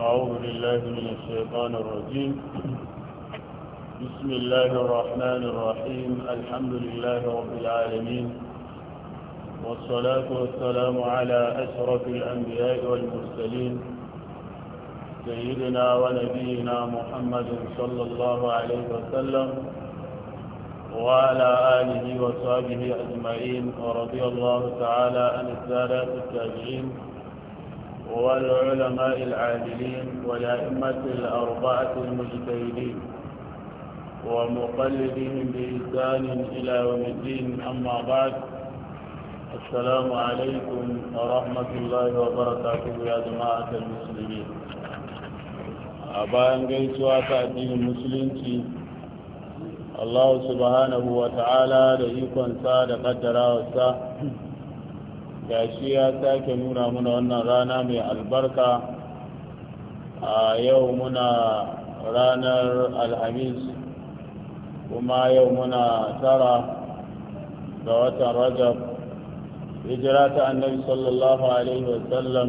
أعوذ بالله من الشيطان الرجيم بسم الله الرحمن الرحيم الحمد لله رب العالمين والصلاة والسلام على أشرف الأنبياء والمرسلين سيدنا ونبينا محمد صلى الله عليه وسلم وعلى آله وصحبه أجمعين ورضي الله تعالى عن السادات التابعين والعلماء العادلين والأئمة الأربعة المجتهدين ومقلدهم بإحسان إلى يوم الدين أما بعد السلام عليكم ورحمة الله وبركاته يا جماعة المسلمين أبان gaisuwa ta addinin musulunci Allah subhanahu wa ta'ala da ikonsa da kaddarawarsa gashi ya sake nuna muna wannan rana mai albarka a yau muna ranar alhamis kuma yau muna tara ga watan rajab hijira ta annabi sallallahu alaihi wasallam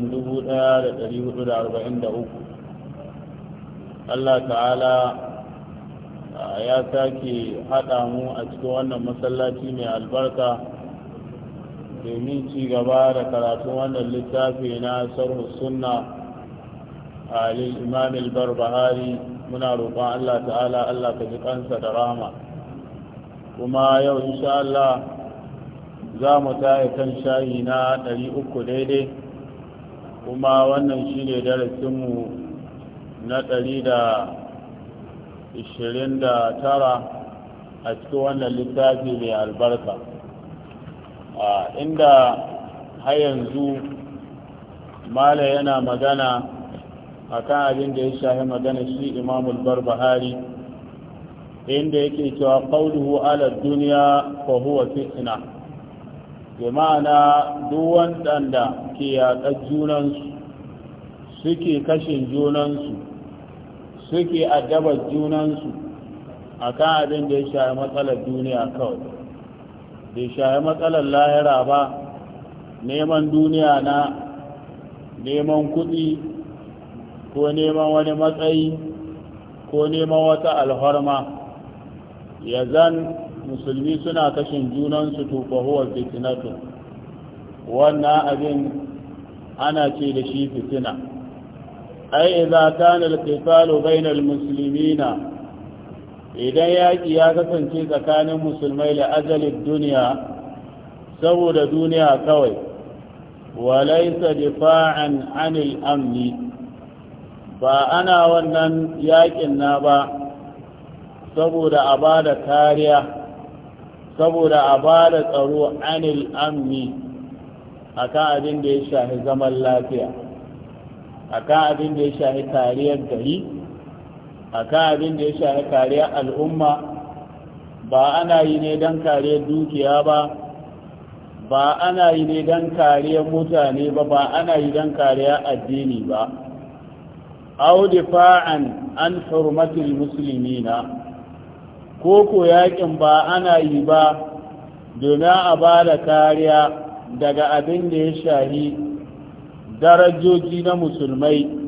1443 Allah ta'ala ya sake haɗa mu a cikin wannan masallaci mai albarka domin ci gaba da karatun wannan littafi na sarhu sunna a imam al-barbahari muna roƙon Allah ta'ala Allah ka ji kansa da rahama kuma yau insha Allah za mu taya kan shayi na 300 daidai kuma wannan shine darasinmu na 129 a cikin wannan littafi mai albarka inda har yanzu mala yana magana a kan abin da ya shahi magana shi imamul barbahari inda yake cewa ƙauluhu ala duniya ko huwa fitna ma'ana duk wanda ke yaƙa junansu suke kashin junansu suke addabar junansu a kan abin da ya shahi matsalar duniya kawai bai shaye matsalar lahira ba neman duniya na neman kuɗi ko neman wani matsayi ko neman wata alhorma ya zan musulmi suna kashin junansu tufahuwar fitinatu wannan abin ana ce da shi fitina ai idza kana al-qitalu bainal muslimina idan yaƙi ya kasance tsakanin musulmai da ajalin duniya saboda duniya kawai walaisa difa'an anil amni ba ana wannan yaƙin na ba saboda a ba da kariya saboda a ba da tsaro anil amni a kan abin da ya shahi zaman lafiya a kan abin da ya shahi kariyar gari a kan abin da ya shafi kariya al'umma ba ana yi ne don kariya dukiya ba ba ana yi ne don kariya mutane ba ba ana yi don kariya addini ba au difa'an an hurmatul na. ko ko yakin ba ana yi ba domin a ba da kariya daga abin da ya shahi darajoji na musulmai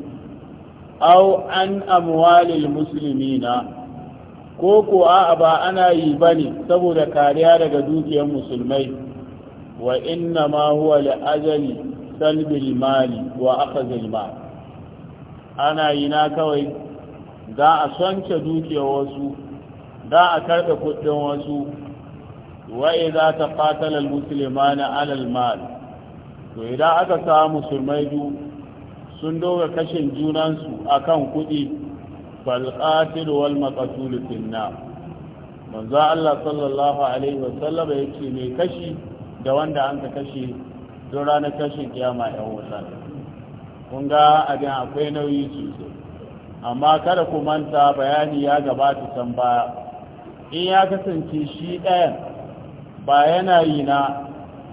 aw an amwalil muslimina ko ko a'a ba ana yi bane saboda kariya daga dukiyar musulmai wa inna ma huwa la'ajali salbil mali wa akhdhil mal ana yi na kawai za a sonce dukiyar wasu za a karɓe kuɗin wasu wa idza taqatala al muslimana ala al mal to idan aka samu musulmai biyu sun doga kashin junansu a kan kuɗi falqatil wal maƙasuli finna manzo Allah sallallahu alaihi wa ya yake mai kashi da wanda an ka kashe don ranar kashin kiyama yan wuta kun ga abin akwai nauyi sosai amma kada ku manta bayani ya gabata can baya in ya kasance shi ɗayan ba yana yi na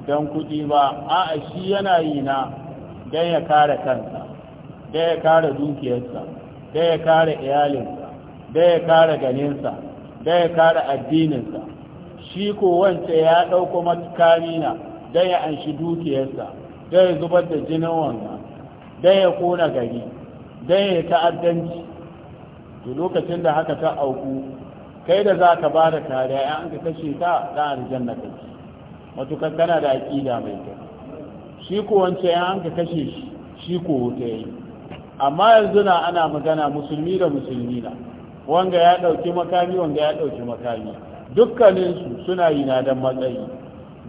don kuɗi ba a'a shi yana yi na don ya kare kansa da ya kare dukiyarsa da ya kare iyalinsa da ya kare ganinsa da ya kare addininsa shi ko wance ya ɗauko matukamina da ya anshi dukiyarsa da ya zubar da jinin wannan da ya kona gari da ya ta'addanci to lokacin da haka ta auku kai da za ka ba da kariya ya an ka kashe ta da aljanna kake matukar kana da aƙida mai kyau shi ko wance ya an ka kashe shi shi ko wuta yi. amma yanzu na ana magana musulmi da musulmi na wanga ya ɗauki makami wanga ya ɗauki makami dukkaninsu suna yi na don matsayi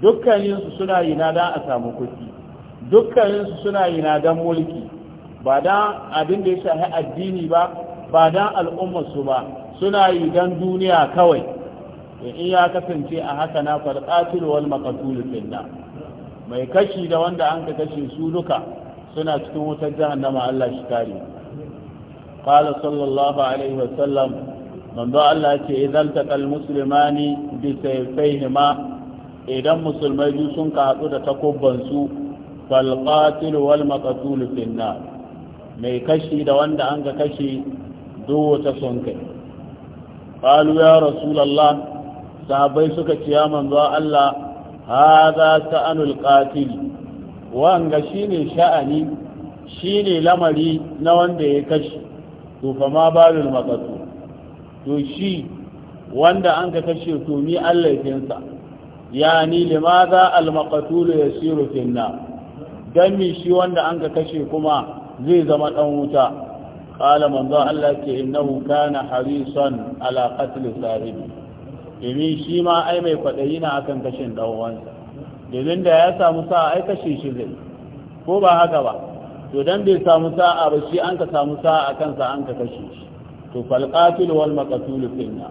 dukkaninsu suna yi na don a samu kuɗi dukkaninsu suna yi na don mulki ba don abin da ya shafi addini ba ba don su ba suna yi don duniya kawai in ya kasance a haka na farqatul wal maqtul fil mai kashi da wanda an ka kashe su duka suna cikin wutar jahannama Allah shi kare qala sallallahu alaihi wa sallam manzo Allah ce idan taqal muslimani bi sayfayhima idan musulmai biyu sun haɗu da takubban su fal qatil wal maqtul fin mai kashi da wanda an ga kashi duwata sun kai qalu ya rasulullah sahabbai suka ce manzo Allah hadha sa'anul qatil wanga ne sha'ani shine lamari na wanda ya kashi to fa ma balul maqatu to shi wanda an ka kashe to ni Allah yakinsa yani limaza al maqtul yasiru finna don mi shi wanda an ka kashe kuma zai zama dan wuta Ƙala manzo Allah ke innahu kana harisan ala qatl sahibi domin shi ma ai mai kwadayi na akan kashin dan uwansa domin da ya samu sa'a ai kashe shi zai ko ba haka ba to dan bai samu sa'a ba shi an ka samu sa'a a kansa an ka kashe shi to fal qatil wal maqtul finna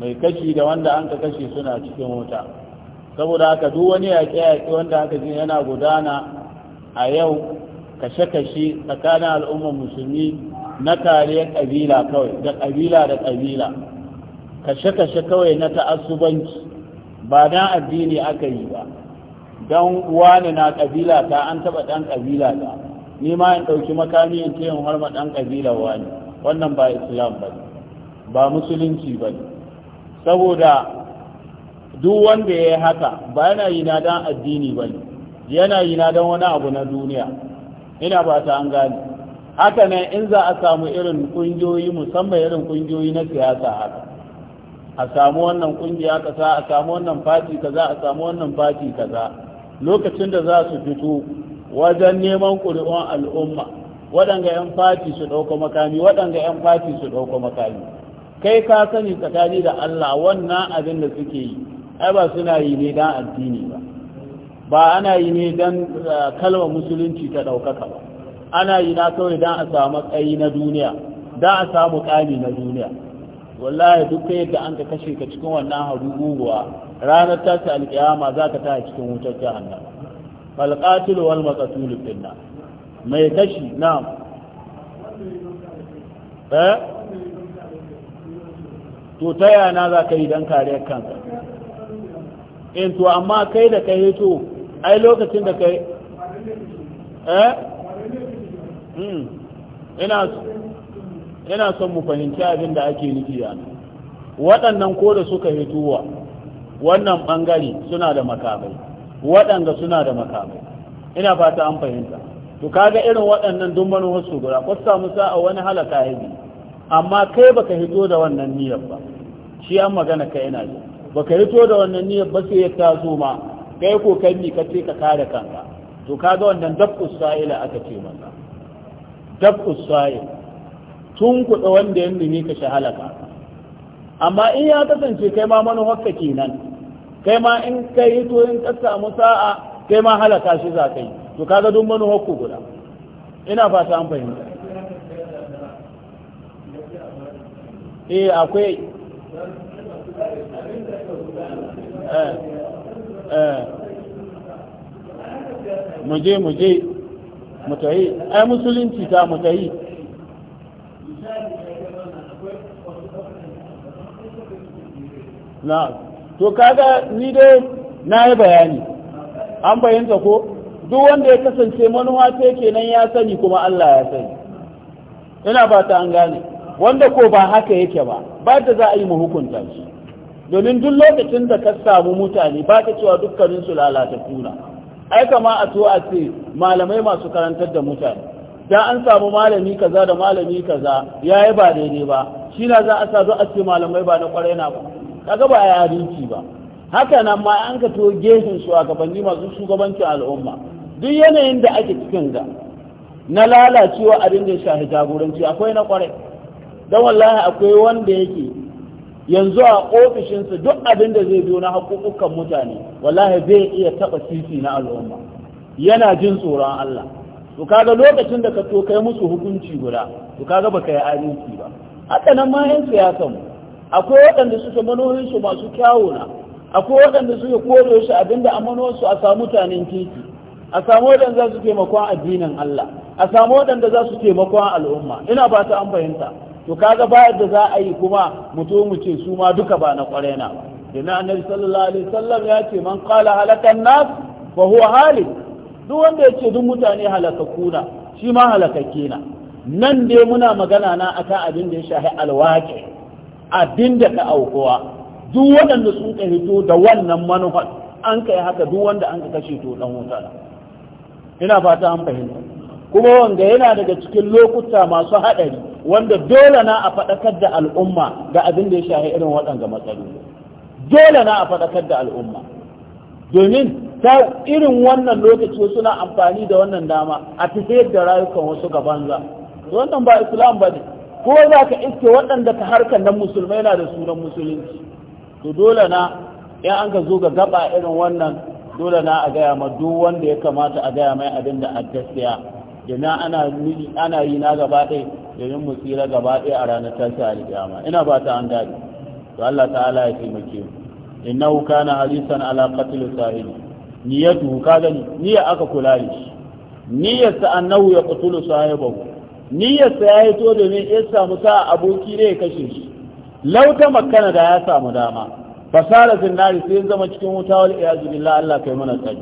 mai kashi da wanda an ka kashe suna cikin wuta saboda haka duk wani yaƙe-yaƙe wanda aka ji yana gudana a yau kashe-kashe tsakanin al'ummar musulmi na kariyar ƙabila kawai da ƙabila da ƙabila kashe-kashe kawai na ta'assubanci ba dan addini aka yi ba uwa ne na kabila ta an taɓa ɗan kabila ta ni ma in ɗauki makami in ce in harma ɗan ƙabila wani wannan ba islam ba ba musulunci ba saboda duk wanda ya yi haka ba yana yi na dan addini ba yana yi na dan wani abu na duniya ina ba ta an gane haka ne, in za a samu irin ƙungiyoyi musamman irin ƙungiyoyi na siyasa haka a samu wannan ƙungiya kaza a samu wannan fati kaza a samu wannan fati kaza lokacin da za su fito wajen neman ƙuri'un al'umma waɗanga 'yan fati su ɗauka makami waɗanga 'yan fati su ɗauka makami kai ka sani tsakani da Allah wannan abin da suke yi ai ba suna yi ne don addini ba ba ana yi ne don uh, kalma musulunci ta ɗaukaka ba ana yi na kawai don a samu tsayi na duniya don a samu ƙami na duniya wallahi duk yadda an ka kashe ka cikin wannan haruguwa ranar tashi alƙiyama za ka ta cikin wutar jahannama falqatil wal maqtul finna mai kashi na'am eh to ta yana za ka yi dan kare kanka in eh, to amma kai da kai hito ai lokacin da kai eh hmm ina ina son mu fahimci abin da ake nufi yana waɗannan ko da suka hituwa wannan bangare suna da makamai waɗanda suna da makamai ina fata an fahimta to kaga irin waɗannan dumbano wasu gura guda ko samu sa'a wani halaka ya bi amma kai baka hito da wannan niyyar ba shi an magana kai ina ji baka hito da wannan niyyar ba sai ya taso ma kai ko kai ni ka ce ka kare kanka to kaga wannan dabqus sa'ila aka ce maka dabqus sa'il tun kuɗa wanda ya nemi ka amma in ya kasance kai ma manuwarka kenan kai ma in ka yi to in ka samu sa'a kai ma halaka shi za ka yi to kaga duk manuwar ku guda ina fata an fahimta eh akwai eh eh muje muje mutayi ai musulunci ta mutayi na'am to kaga ni dai na yi bayani an bayanta ko duk wanda ya kasance manuwa ce kenan ya sani kuma Allah ya sani ina ba ta an gane wanda ko ba haka yake ba ba da za a yi hukunta shi domin duk lokacin da ka samu mutane ba ka cewa dukkanin su lalata tuna ai kama a to a ce malamai masu karantar da mutane da an samu malami kaza da malami kaza yayi ba daidai ba shi na za a sa zo a ce malamai ba na kwarai na ba kaga ba ya adalci ba haka nan ma an ka to gehin shugabanni masu shugabancin al'umma duk yanayin da ake cikin ga na lalacewa abin da shahi jagoranci akwai na kwarai don wallahi akwai wanda yake yanzu a ofishinsa duk abin da zai biyo na haƙuƙukan mutane wallahi zai iya taɓa sisi na al'umma yana jin tsoron Allah to kaga lokacin da ka to kai musu hukunci guda to kaga baka yi adalci ba haka nan ma yan siyasa mu akwai waɗanda suka su masu kyawuna akwai waɗanda suka kore shi abinda su a samu mutanen titi a samu waɗanda za su taimakon addinin Allah a samu waɗanda za su taimakon al'umma ina ba ta an fahimta to kaga bayar da za a yi kuma mutu mu ce su ma duka ba na kware na ba Ina annabi sallallahu alaihi wasallam ya ce man qala halakan nas fa huwa halik duk wanda ya ce duk mutane halakakuna shi ma halakakke na nan dai muna magana na akan abin da ya shahi alwaqi' abin da ka aukuwa duk waɗanda sun ka hito da wannan manufar an kai haka duk wanda an ka kashe to dan wuta ina fata an fahimta kuma wanga yana daga cikin lokuta masu haɗari wanda dole na a faɗakar da al'umma ga abin da ya shahi irin waɗanda matsaloli dole na a faɗakar da al'umma domin ta irin wannan lokaci suna amfani da wannan dama a fitar da rayukan wasu gabanza wannan ba islam ba ne ko za ka iske waɗanda ka harkar nan musulmai na da sunan musulunci to dole na ya an ka zo ga gaba irin wannan dole na a gaya ma duk wanda ya kamata a gaya mai abin da a gaskiya domin ana ana yi na gaba ɗaya domin mu tsira gaba ɗaya a ranar tashi alƙiyama ina ba ta an dadi to Allah ta'ala ya taimake mu innahu kana hadisan ala qatl sahib niyatu kaga ni niyya aka kula shi niyyar sa annahu ya qatulu sahibahu niyyarsa ya yi to domin ya samu sa aboki ne ya kashe shi lauta makana da ya samu dama fasara zinari, sai zama cikin wuta wal iyazu billah Allah kai mana tsari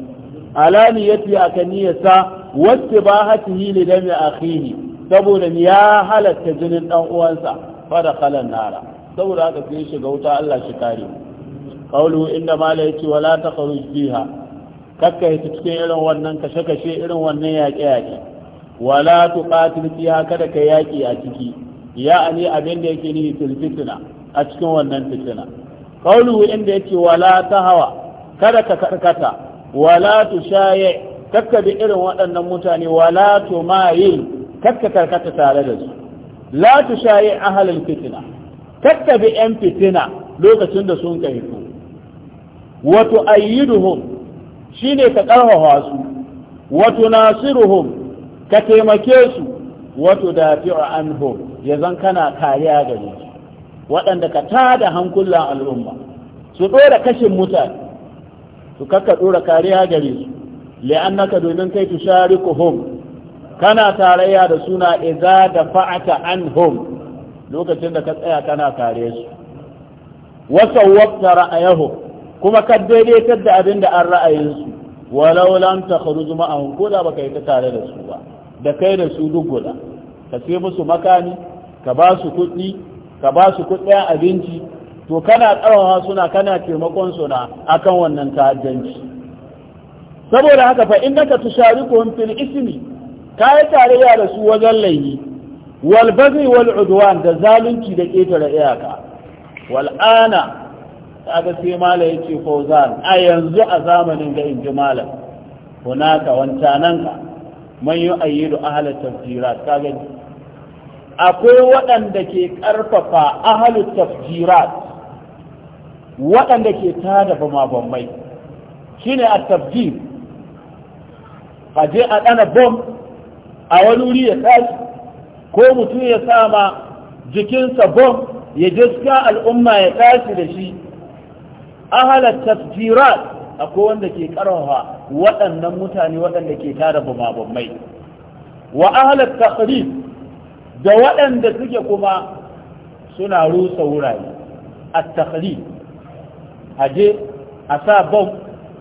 alaniyati akan niyyarsa wacce ba hatihi li dami akhihi saboda ya halatta jinin dan uwansa da khalan nara saboda haka sai shiga wuta Allah shi kare qawlu inna ma la yati wala taqruj biha kakka cikin irin wannan kashe kashe irin wannan yaƙe yaƙe wala qatil fiha kada ka yaki a ciki ya ani abin da yake nufi fil fitna a cikin wannan fitna qawlu inda yake wala ta hawa, kada ka karkata wala tu shaye kakka bi irin waɗannan mutane wala tu tumayil kakka karkata tare da su la shaye ahlul fitna kakka bi yan fitina lokacin da sun kai ku wato ayyiduhum shine ka karfafa su wato nasiruhum ka taimake su wato da fi'a anhu ya zan kana kariya gare su waɗanda ka tada hankulan al'umma su ɗora kashin mutane su kakka ɗora kariya gare su li'annaka domin kai tusharikuhum kana tarayya da suna idza da fa'ata anhum lokacin da ka tsaya kana kare su wasa waqta ra'ayahu kuma ka daidaitar da abin da an ra'ayinsu su walau lam takhruju ma'ahum ko da baka yi ta tare da su ba da kai da su duk guda ka sai musu makani ka ba su kuɗi ka ba su kuɗin abinci to kana tsarawa suna kana taimakon suna akan wannan ta'addanci saboda haka fa ka innaka tushariku fil ismi kai tarayya da su wajen laifi wal bazi wal udwan da zalunci da ketare iyaka wal ana kaga sai mala yace fawzan a yanzu a zamanin ga inji malam hunaka wancananka man yi ayyidu ahalar tafjirat kaga akwai waɗanda ke ƙarfafa ahalar tafjirat waɗanda ke tada bama mabambai shi ne a tafjir a je a ɗana bom a wani wuri ya tashi ko mutum ya sama jikinsa bom ya jiska al'umma ya tashi da shi ahalar tafjirat akwai wanda ke karfafa waɗannan mutane waɗanda ke tara bumabummai wa ahlat taqrib da waɗanda suke kuma suna rusa wurare at taqrib aje a sa bom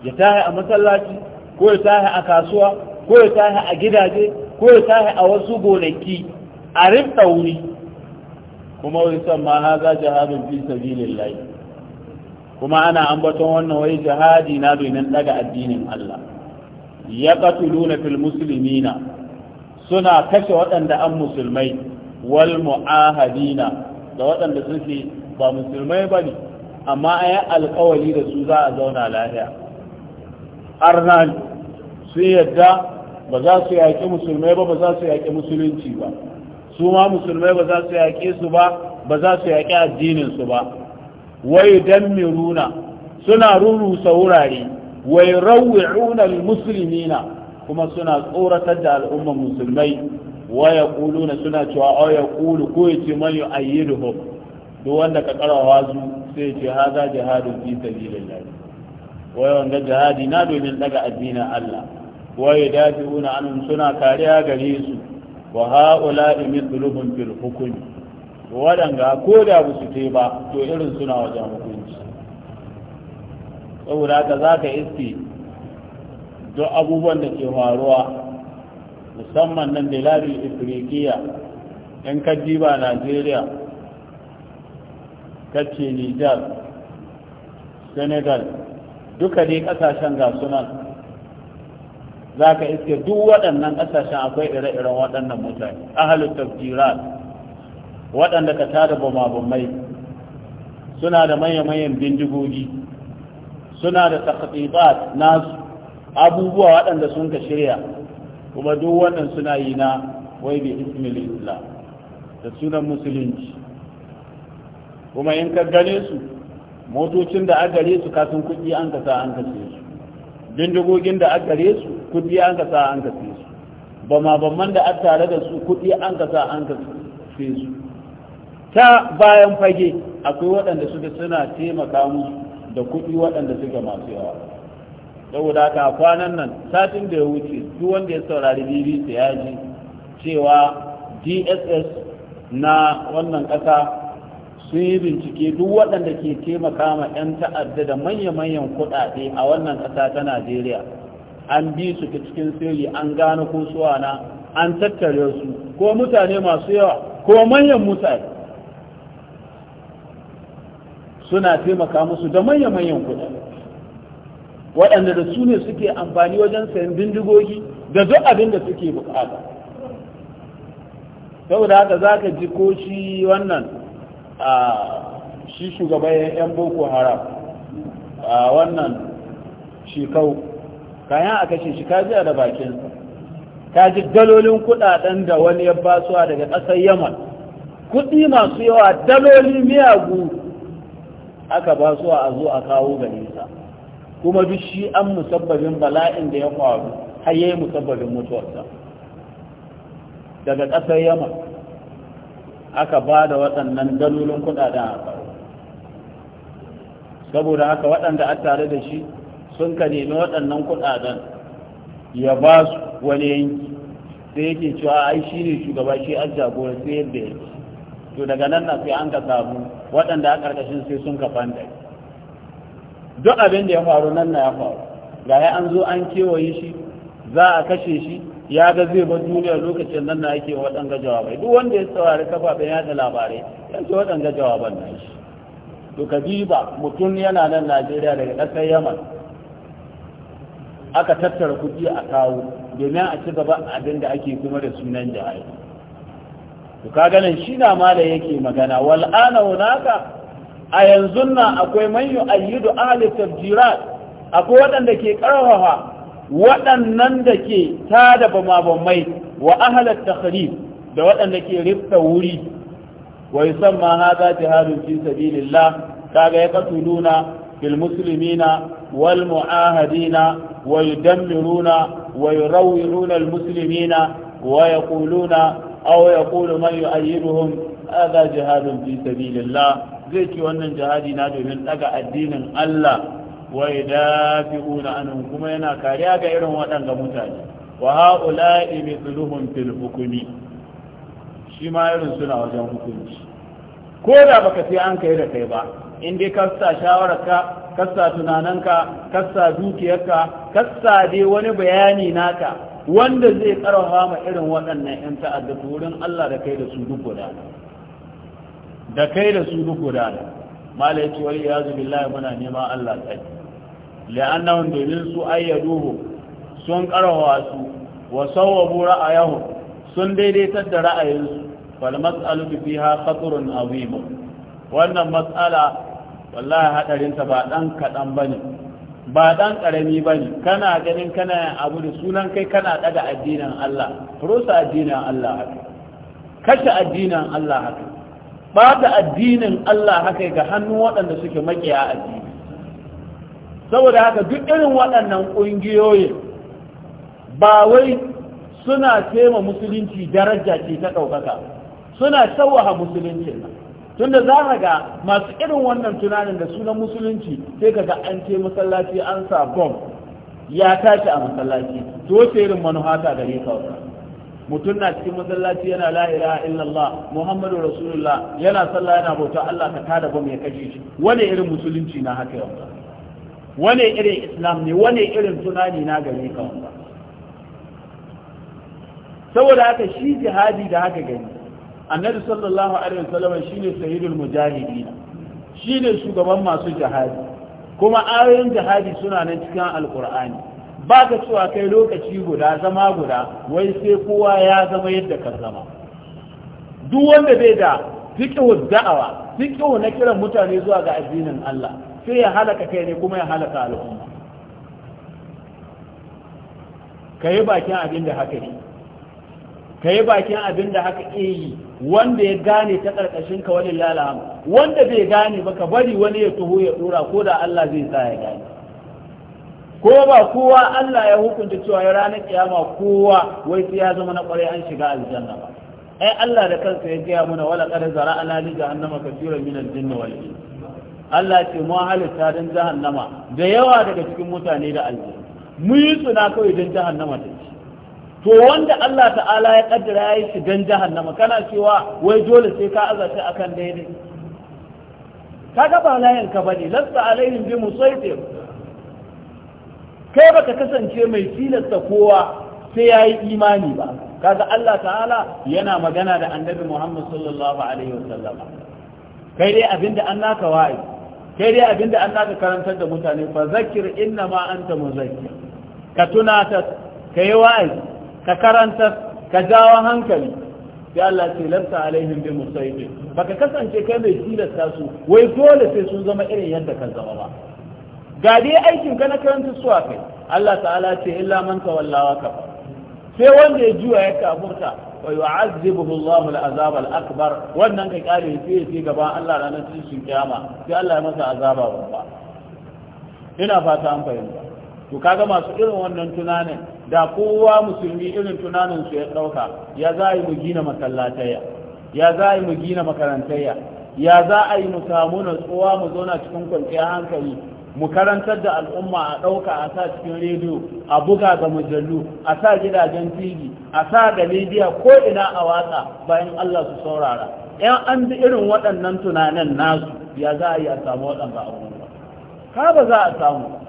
ya tahi a masallaci ko ya tahi a kasuwa ko ya tahi a gidaje ko ya tahi a wasu gonaki a rinta wuri kuma wani san ma haza jihadin fi sabilillahi kuma ana ambaton wannan wai jihadi na domin daga addinin Allah ya qatuluna fil muslimina suna kashe waɗanda an musulmai wal mu'ahadina da waɗanda suke ba musulmai ba ne amma a yi alkawali da su za a zauna lahiya arnan su yadda ba za su yaƙi musulmai ba ba za su yaƙi musulunci ba su ma musulmai ba za su yaƙe su ba ba za su yaƙi addininsu ba wai dammiruna suna rurusa wurare wai rawwi'una muslimina kuma suna tsoratar da al'umman musulmai Wai ya kuluna suna cewa ya kulu? ko yace man yu'ayyiduhum duk wanda ka karawa su sai ce haza jihadu fi sabilillah wai wanda jihadi na domin daga addinin Allah wai dafiuna anhum suna kariya gare su wa ha'ula'i mithluhum fil hukmi waɗanga ko da ba su te ba to irin suna wajen hukunci saboda haka za ka iske duk abubuwan da ke faruwa musamman nan da larin afirikiya yan ba najeriya kacce nijar senegal duka dai kasashen ga sunan za ka iske duk waɗannan kasashen akwai ire-iren waɗannan mutane ahalin tafjirat waɗanda ka tada bumabumai suna da manya-manyan bindigogi suna da takatsibat nasu abubuwa waɗanda sun ka shirya kuma duk wannan suna yi na wai bi ismi islam da sunan musulunci kuma in ka gane su motocin da aka gare su kasan kuɗi an ka sa an ka su bindigogin da aka gare su kuɗi an ka sa an ka su ba ma da aka tare da su kuɗi an ka sa an ka su ta bayan fage akwai waɗanda suka suna taimaka musu da kuɗi waɗanda suka masu yawa saboda ka kwanan nan satin da ya wuce duk wanda ya saurari bbc ya ji cewa dss na wannan ƙasa sun yi bincike duk waɗanda ke taimaka ma 'yan ta'adda da manya-manyan kuɗaɗe a wannan ƙasa ta najeriya an bi su ta cikin sirri an gano ko na, an tattare su ko mutane masu yawa ko manyan mutane suna taimaka musu da manya-manyan kuɗi waɗanda da su ne suke amfani wajen sayan bindigogi da duk abin da suke bukata saboda haka za ka ji ko shi wannan a shi shugaban 'yan boko haram a wannan shekau kayan a kashe shi kaji da bakinsa kaji dalolin kudaden da wani ya basuwa daga ƙasar yaman kudi masu yawa daloli miyagu aka ba su a zo a kawo gare sa kuma duk shi an musabbabin bala'in da ya faru har yayi musabbabin mutuwarsa daga ƙasar yamma aka ba da waɗannan dalolin kuɗaɗen a saboda haka waɗanda a tare da shi sun ka nemi waɗannan kuɗaɗen ya ba su wani yanki sai yake cewa ai shi ne shugaba shi an jagora sai yadda yake to daga nan na sai an ka samu waɗanda a ƙarƙashin sai sun ka fanta. duk abin da ya faru nan na ya faru ga ya an zo an kewaye shi za a kashe shi ya ga zai bar duniya lokacin nan na ake waɗanga jawabai duk wanda ya saurari kafafen yaɗa labarai ya ce waɗanga jawaban na shi to Kabiba mutum yana nan najeriya daga ƙasar yaman aka tattara kuɗi a kawo domin a ci gaba abin da ake kuma da sunan jihari to kaga nan shi na mala yake magana wal ana hunaka a yanzu nan akwai man ayyudu ahli tafjirat akwai waɗanda ke karfafa waɗannan da ke tada mai wa ahli takhrib da waɗanda ke rifta wuri wa yusamma hadha jihadun fi sabilillah kaga ya katuluna bil muslimina wal mu'ahadina ويدمرون ويروعون المسلمين ويقولون aw yaqulu man yu'ayyiduhum hadha jihadun fi sabilillah zai ci wannan jihadi na domin ɗaga addinin Allah wa yadafi'una anhum kuma yana kariya ga irin waɗanda mutane wa ha'ula'i mithluhum fil hukmi shi ma irin suna wajen hukunci ko da baka sai an kai da kai ba in dai ka sa shawararka ka sa tunaninka ka dukiyarka ka dai wani bayani naka wanda zai karfafa ma irin waɗannan 'yan ta'adda wurin Allah da kai da su duk guda da kai da su duk guda da mala ya ce wani ya zubi muna neman Allah tsaye la'annan domin su ayyaduhu sun karfafa su wa sawwabu ra'ayahu sun daidaitar da ra'ayinsu fal mas'alu fiha khatrun azim wannan mas'ala wallahi hadarin ta ba dan kadan bane ba dan karami ba ne kana ganin kana abu da sunan kai kana daga addinin Allah rusa addinin Allah haka kashe addinin Allah haka bata addinin Allah haka ga hannun waɗanda suke makiya addini saboda haka duk irin waɗannan ƙungiyoyin ba wai suna tema musulunci daraja ce ta ɗaukaka suna sauwaha musulunci nan tunda za ka ga masu irin wannan tunanin da sunan musulunci sai ka ga an ce masallaci an sa bom ya tashi a masallaci to wace irin manuhata gare ka mutum na cikin masallaci yana la ilaha illallah muhammadu rasulullah yana sallah yana bauta Allah ka tada bom ya kashe shi wane irin musulunci na haka yau wane irin islam ne wane irin tunani na gare ka saboda haka shi jihadi da haka gani annabi sallallahu alaihi wasallam shine sayyidul mujahidin shine shugaban masu jihadi kuma ayoyin jihadi suna nan cikin alqur'ani ba ka cewa kai lokaci guda zama guda wai sai kowa ya zama yadda ka zama duk wanda bai da fiqhu da'awa fiqhu na kiran mutane zuwa ga addinin Allah sai ya halaka kai ne kuma ya halaka al'umma kai bakin abin da haka ne ka yi bakin abin da haka ke yi wanda ya gane ta ƙarƙashin ka wani lalama wanda bai gane ba ka bari wani ya tuhu ya dora ko da Allah zai sa ya gane ko ba kowa Allah ya hukunta cewa ya ranar kiyama kowa wai sai ya zama na kwarai an shiga aljanna ba ai Allah da kansa ya gaya mana wala qad zara'ana li jahannama kathiran min al-jinni wal ins Allah ce mu halitta dan jahannama da yawa daga cikin mutane da aljanna mu yi suna kawai dan jahannama ta to wanda Allah ta'ala ya kaddara ya yi shigan jahannama kana cewa wai dole sai ka azace akan daidai Ka ga ba layan ka bane lasta alaihim bi musaitir kai baka kasance mai tilasta kowa sai yayi imani ba kaga Allah ta'ala yana magana da annabi Muhammad sallallahu alaihi wasallama kai dai abinda an naka wa'i kai dai abinda an naka karantar da mutane fa zakir inna ma anta muzakkir ka tunata kai wa'i ka karantar ka jawo hankali sai Allah ce lafta alaihim bi musaibi baka kasance kai mai tilasta su wai dole sai sun zama irin yadda ka zama ba ga dai aikin ka na karanta su kai Allah ta'ala ce illa man wallawa kafa. sai wanda ya juya ya kafurta wa yu'azzibuhu Allah al-azab al-akbar wannan ka kare sai sai gaba Allah ranar cikin kiyama sai Allah ya masa azaba babba ina fata an fahimta to kaga masu irin wannan tunanin da kowa musulmi irin tunaninsu ya ɗauka ya za mu gina masallataya ya za mu gina makarantaya ya za a yi mu samu natsuwa mu zauna cikin kwanciyar hankali mu karantar da al'umma a ɗauka a sa cikin rediyo a buga ga mujallu a sa gidajen tv a sa ga media ko ina a watsa bayan allah su saurara yan an bi irin waɗannan tunanin nasu ya za a yi a samu waɗanda abubuwa ka ba za a samu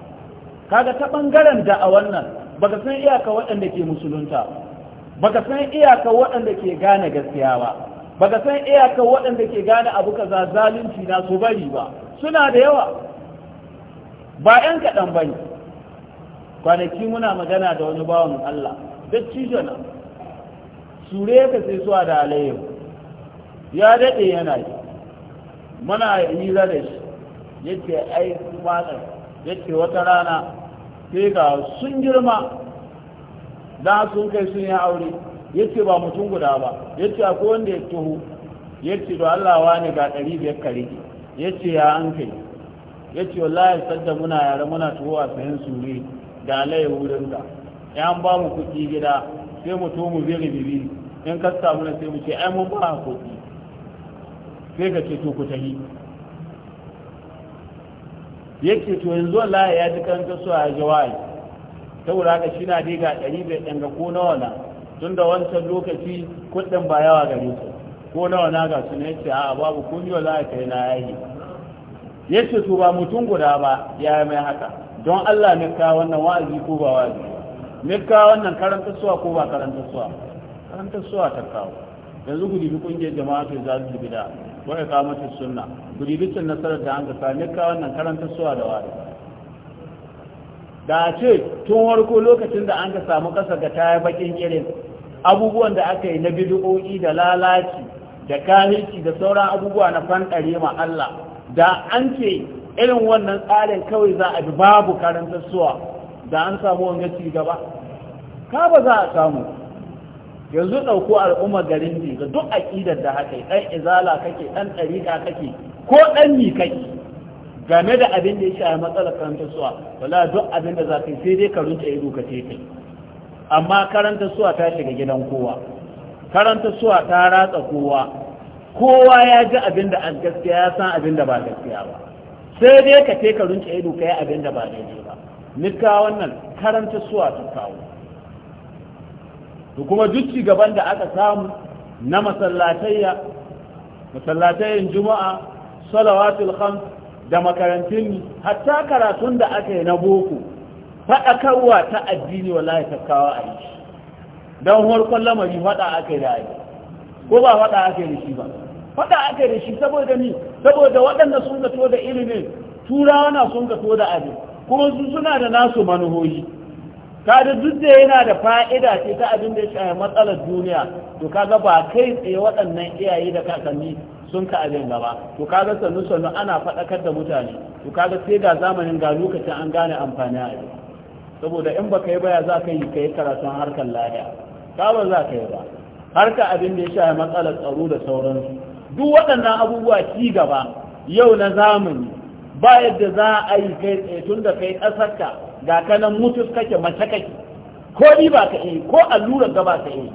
kaga ta ɓangaren da a wannan baka san iyaka waɗanda ke musulunta baka san iyaka waɗanda ke gane gaskiya ba baka san iyaka waɗanda ke gane abu kaza zalunci na su bari ba suna da yawa ba 'yan kaɗan ba ne kwanaki muna magana da wani bawan Allah duk cijona sure ka sai zuwa da alayyau ya daɗe yana yi muna yi da yake ai matsar yake wata rana sai ga sun girma da sun kai sun yi aure yace ba mutum guda ba yace akwai wanda ya tuhu yace to Allah wa ne ga ɗari biyar kare yace ya an kai yace wallahi sadda muna yare muna a sayan sure da lai wurin da yan ba mu kuɗi gida sai mu tuhu mu zai bibi in ka samu sai mu ce ai mun ba kuɗi sai ka ce to ku tahi yake to yanzu Allah ya ji karanta su a jawahi saboda haka shi na dai ga ɗari bai ɗanga ko nawa na tun da wancan lokaci kuɗin ba yawa gare su ko nawa na ga su ne ce a babu ni wallahi kai na yayi yace to ba mutum guda ba ya mai haka don Allah ne ka wannan wa'azi ko ba wa'azi ne ka wannan karanta suwa ko ba karanta suwa karanta suwa ta kawo yanzu ku dibi kungiyar jama'a to za su bi da wa iqamati sunna ku nasarar da an ga sami ka wannan karanta suwa da wani da ce tun warko lokacin da an ga samu kasa ga ta bakin irin abubuwan da aka yi na bid'o'i da lalaci da kahirci da sauran abubuwa na fanɗare ma Allah da an ce irin wannan tsarin kawai za a bi babu karanta suwa da an samu wani ci gaba ka ba za a samu yanzu ɗauko al'umma garin ne ga duk aƙidar da haka ɗan izala kake ɗan ɗariƙa kake ko ɗan mi kake game da abin da ya shafi matsalar karanta suwa wala duk abin da za ka yi sai dai ka runta ido ka tefe amma karanta suwa ta shiga gidan kowa karanta suwa ta ratsa kowa kowa ya ji abin da an gaskiya ya san abin da ba gaskiya ba sai dai ka te ka runta ido ka yi abin da ba daidai ba nika wannan karanta suwa ta kawo to kuma duk gaban da aka samu na masallatayya masallatayin juma'a salawatul khams da makarantun hatta karatun da aka yi na boko faɗakarwa ta addini wallahi takkawa a yi don harkon lamari faɗa aka yi da aiki ko ba faɗa aka yi da shi ba faɗa aka yi da shi saboda ni saboda waɗanda sun gato da ilimin turawa na sun gato da abin kuma su suna da nasu manuhoyi da duk da yana da fa'ida ce ta abin da ya shafi matsalar duniya to kaga ba kai tsaye waɗannan iyaye da kakanni sun ka abin gaba to kaga sannu sannu ana faɗakar da mutane to kaga sai ga zamanin ga lokacin an gane amfani a yi saboda in baka yi baya za ka yi ka yi karatun harkar lahiya ka ba za ka yi ba harka abin da ya shafi matsalar tsaro da sauransu duk waɗannan abubuwa ci gaba yau na zamani ba yadda za a yi kai tsaye tun da kai ƙasarka ga kanan mutus kake mace kake ko ni ba ka yi ko allura ga ba ka yi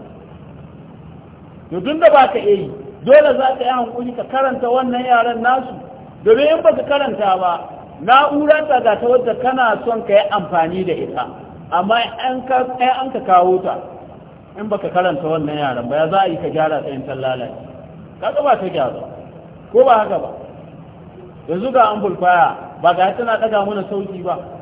to da ba ka yi dole za ka yi hankuli ka karanta wannan yaran nasu domin in baka karanta ba na'urar ta ga ta wadda kana son ka yi amfani da ita amma an ka kawo ta in baka karanta wannan yaran ba ya za a yi ka gyara tsayin tallala ka ba ta gyara ko ba haka ba yanzu ga an bulfaya ba ga tana daga mana sauki ba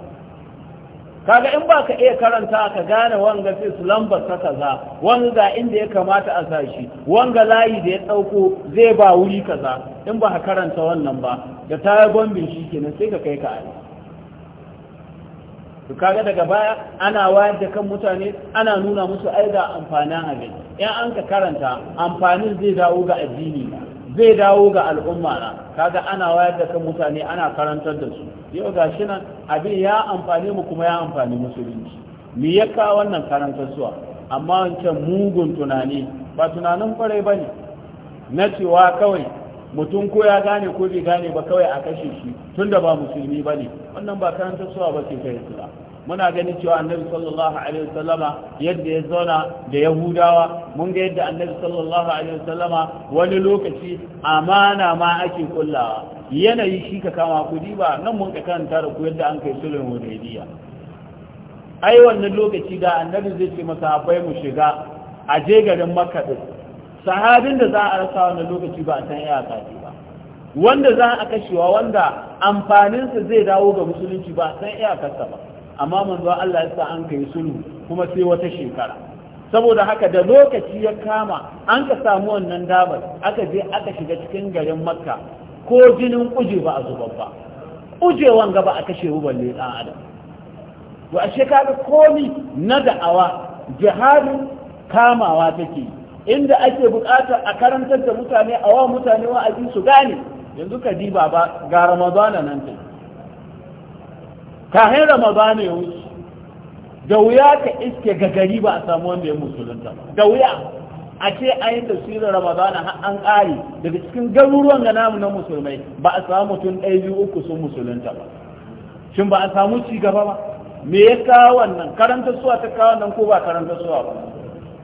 kaga in ba ka iya karanta ka gane wanga sai su lambar ta kaza wanga inda ya kamata a sashi wanga layi da ya ɗauko zai ba wuri kaza in ba ka karanta wannan ba da ta yi gombin shi kenan sai ka kai ka ali to kaga daga baya ana wayar da kan mutane ana nuna musu ai ga amfanin abin in an ka karanta amfanin zai dawo ga addini na zai dawo ga al'umma na kaga ana wayar da kan mutane ana karantar da su yau ga shi nan abin ya amfani mu kuma ya amfani musulunci me ya kawo wannan karantar suwa amma wancan mugun tunani ba tunanin kwarai ba ne na cewa kawai mutum ko ya gane ko bai gane ba kawai a kashe shi tunda ba musulmi ba ne wannan ba karantar suwa ba kai ta muna ganin cewa annabi sallallahu alaihi wasallama yadda ya zauna da yahudawa mun ga yadda annabi sallallahu alaihi wasallama wani lokaci amana ma ake kullawa yanayi shi ka kama kudi ba nan mun ka karanta da ku yadda an kai sulhun hudaybiya ai wannan lokaci da annabi zai ce masa abai mu shiga a je garin makka din sahabin da za a rasa wannan lokaci ba san iyaka ba wanda za a kashewa wanda amfaninsa zai dawo ga musulunci ba san iyakarsa ba amma manzo Allah ya sa an kai sulhu kuma sai wata shekara saboda haka da lokaci ya kama an ka samu wannan damar aka je aka shiga cikin garin makka ko jinin kuje ba a zubar ba kujewan gaba a kashe balle dan adam to a shekara komi na da'awa jihadin kamawa take inda ake bukatar a karantar da mutane awa mutane wa'azi su gane yanzu ka diba ba ga ramadana nan take kahin ramadan ya wuce da wuya ka iske ga gari ba a samu wanda ya musulunta da wuya a ce a yi tasirin ramadana har an ƙari daga cikin garuruwan ga namu na musulmai ba a samu mutum ɗaya biyu uku sun musulunta ba shin ba a samu ci gaba ba me ya kawo wannan karanta suwa ta kawo wannan ko ba karanta suwa ba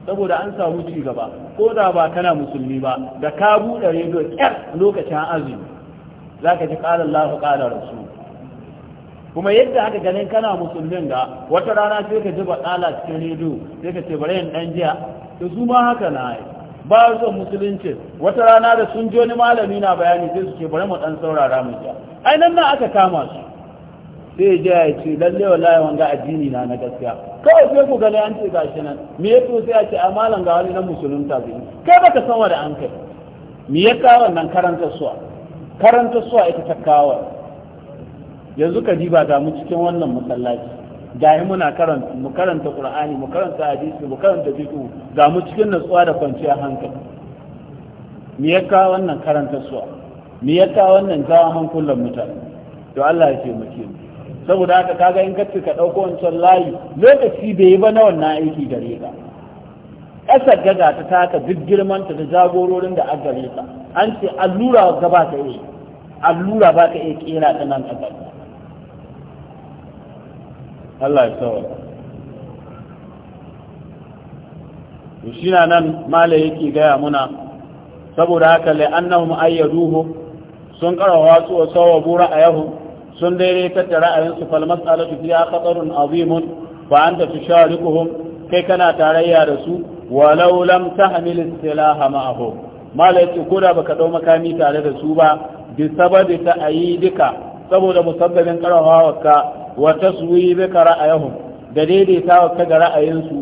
saboda an samu ci gaba ko da ba kana musulmi ba da ka buɗe rediyo ƙyar lokacin azumi za ka ji lafi ƙalar rasu kuma yadda haka ganin kana musulmin ga wata rana sai ka ji baɗala cikin rediyo sai ka ce bari yin ɗan jiya da su ma haka na yi ba zuwa musulunci wata rana da sun joni malami na bayani sai su ce bari mu ɗan saurara mu jiya ai nan na aka kama su sai jiya ya ce lalle wallahi wanga addini na na gaskiya kawai sai ku gani an ce gashi nan me ya to sai a ce a malam ga wani nan musulunta zai kai baka san wa da an kai me ya kawo nan karanta suwa karanta suwa ita ta kawo yanzu ka diba ga mu cikin wannan masallaci gayi muna karanta mu karanta qur'ani mu karanta hadisi mu karanta fiqh ga mu cikin nutsuwa da kwanciyar hankali me ya kawo wannan karanta suwa me ya kawo wannan mun hankulan mutane to Allah ya ce mu saboda haka kaga in kace ka dauko wancan layi lokaci bai yi ba na wannan aiki gare ka ƙasar gaga ta taka duk girman ta da jagororin da an gare ka an ce allura gaba ta yi allura ba ka iya kera ta nan ƙasar Allah ya nan mala yake gaya muna saboda haka la'annahum ayyaduhu sun karawa su wa sawabu ra'ayahum sun daidaita da ra'ayinsu a mas'alatu fiha khatarun azimun an anta tusharikuhum kai kana tarayya da su walau lam tahmil istilaha ma'ahum mala yake ko da baka ɗau makami tare da su ba bi ayi duka. saboda musabbabin karfafawarka suyi taswibika ra'ayahum da daidaitawarka ga ra'ayinsu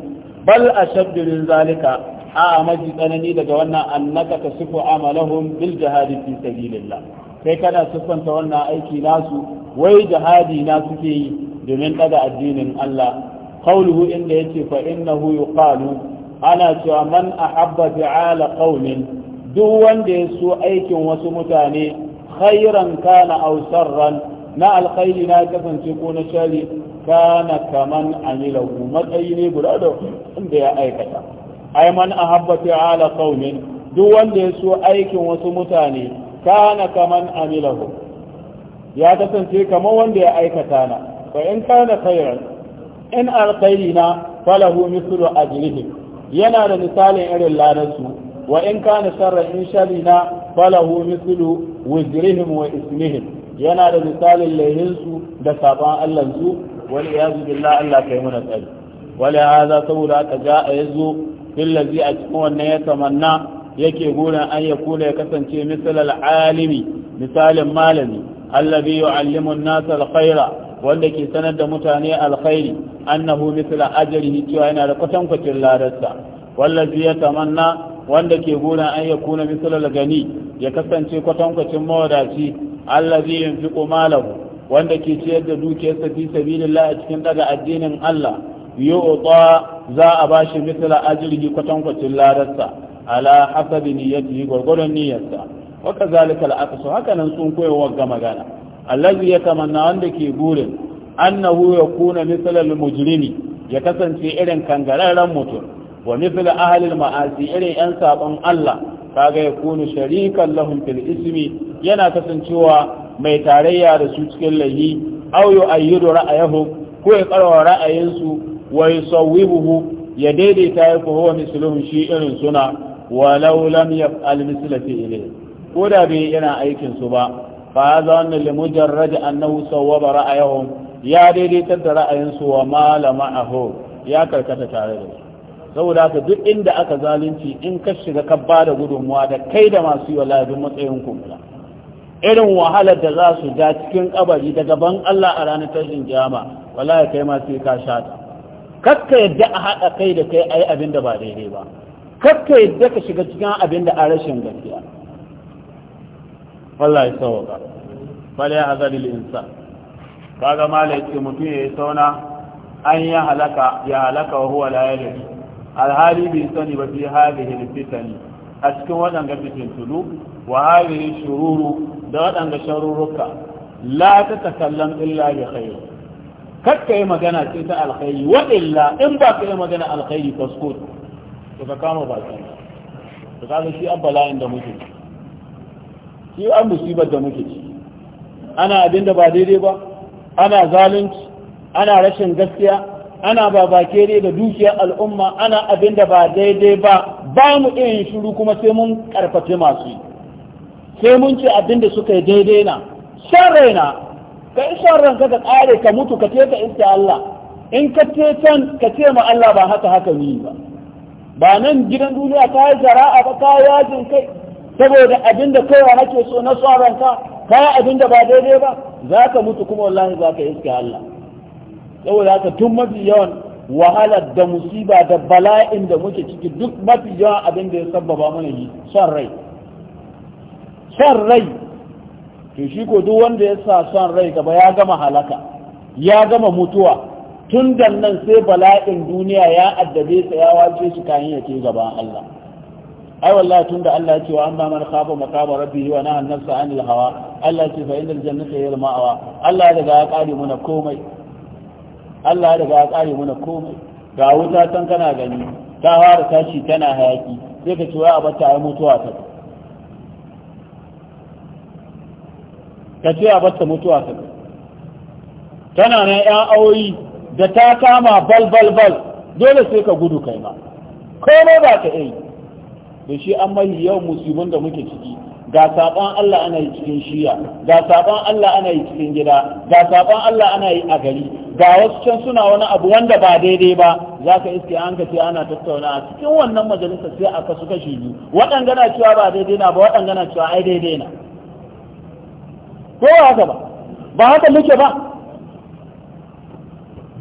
bal a min zalika a maji tsanani daga wannan annaka tasifu amalahum bil jihadi fi sabilillah kai kana sufanta wannan aiki nasu wai jihadi na suke yi domin daga addinin Allah qawluhu inda yace fa innahu yuqalu ana cewa man ahabba fi'ala qaumin duk wanda ya so aikin wasu mutane khairan kana aw sharran na alkhairi na kasance ko na shari kana kaman amilahu matsayi ne guda da wanda ya aikata ai man ahabba ala qaumin duk wanda ya so aikin wasu mutane kana kaman amilahu ya kasance kaman wanda ya aikata na fa in kana khairan in alkhairi na falahu mithlu ajrihim yana da misalin irin ladarsu wa in kana sharran in shari na falahu mislu wajrihim wa ismihim yana da misalin laihinsu da saban allansu wani iyazu billah Allah kai mana tsari wala hadha saboda aka ja a yazo fillazi a cikin wannan ya tamanna yake gurin an ya kula ya kasance misalal alimi misalin malami allabi yu'allimu an-nasa al wanda ke sanar da mutane alkhairi annahu mithla ajrihi cewa yana da kwatankwacin ladarsa wallazi ya tamanna wanda ke gona an ya kuna misalar gani ya kasance kwatankwacin mawadaci allazi yunfiqu malahu wanda ke ciyar da dukiyarsa fi sabilillah a cikin daga addinin Allah yu'ta za a bashi misala ajrihi kwatankwacin ladarsa ala hasabi niyyatihi gwargwadon niyyarsa wa kazalika al-aqsu haka nan sun koyewa ga magana allazi yatamanna wanda ke burin annahu yakuna misalar mujrimi ya kasance irin kangararren mutum wa mithla ahalin ma'asi irin yan saƙon Allah kaga ya kunu sharikan lahum fil ismi yana kasancewa mai tarayya da su cikin lahi aw yu'ayyidu ra'ayahum ko ya karwa ra'ayinsu wa yusawwibuhu ya daidaita ya fa huwa misluhum shi irin suna walau lam yaf'al misla fi'li ko da bai yana aikin su ba fa hadha an li mujarrad annahu sawwaba ra'ayahum ya daidaita da ra'ayinsu wa malama aho ya karkata tare da su saboda haka duk inda aka zalunci in ka shiga ka ba da gudunmuwa da kai da masu yi wallahi duk matsayin kumula irin wahalar da za su ja cikin kabari daga ban Allah a ranar tashin wala wallahi kai ma sai ka sha ta kakka yadda a haɗa kai da kai ayi abin da ba daidai ba kakka yadda ka shiga cikin abin da a rashin gaskiya wallahi sawaka bal ya hazalil insan kaga malai ce mutum yi sauna an yi halaka ya halaka wa huwa la yadda alhali bai sani ba fi hadhihi fitani a cikin waɗanga fitintunu wa hadhihi shururu da waɗanga sharuruka la ta takallam illa bi khair kakka yi magana ce ta alkhairi wa illa in ba ka yi magana alkhairi faskut to ka kama ba baki to kaga shi abbala'in da muke shi an musibar da muke ci ana abin da ba daidai ba ana zalunci ana rashin gaskiya ana ba bake dai da dukiyar al'umma ana abin da ba daidai ba ba mu iya yin shiru kuma sai mun karfafe masu sai mun ce abin da suka yi daidai na san raina ka yi san ranka ka kare ka mutu ka ce ka iska Allah in ka ce can ka ce ma Allah ba haka haka ni ba ba nan gidan duniya ta yi zara'a ba ka yajin kai saboda abin da kaiwa nake so na son ka yi abin da ba daidai ba za ka mutu kuma wallahi za ka iska Allah saboda haka tun mafi yawan wahalar da musiba da bala'in da muke ciki duk mafi yawan abin da ya sababa mana yi son rai son rai to shi ko duk wanda ya sa son rai gaba ya gama halaka ya gama mutuwa tun da nan sai bala'in duniya ya addabe sa ya wace shi kayan ya ce gaban Allah ai wallahi tun da Allah ya ce wa amma man khafa maqama rabbihi wa nahana nafsa anil hawa Allah ya ce fa innal jannata hiya al mawa Allah ya daga ya kare mana komai Allah ya riga ya kare mana komai ga wuta can kana gani ta fara tashi tana hayaki sai ka ce a bata ai mutuwa ta ka ce a bata mutuwa ta tana nan yan aoyi da ta kama bal bal bal dole sai ka gudu kai ma komai ba ka yi da shi an mai yau musibin da muke ciki ga saban Allah ana yi cikin shiya ga saban Allah ana yi cikin gida ga saban Allah ana yi a gari ga wasu can suna wani abu wanda ba daidai ba za ka iske an ka ce ana tattauna a cikin wannan majalisa sai a kasu kashi biyu waɗanda na cewa ba daidai na ba waɗanda na cewa ai daidai na ko haka ba ba haka muke ba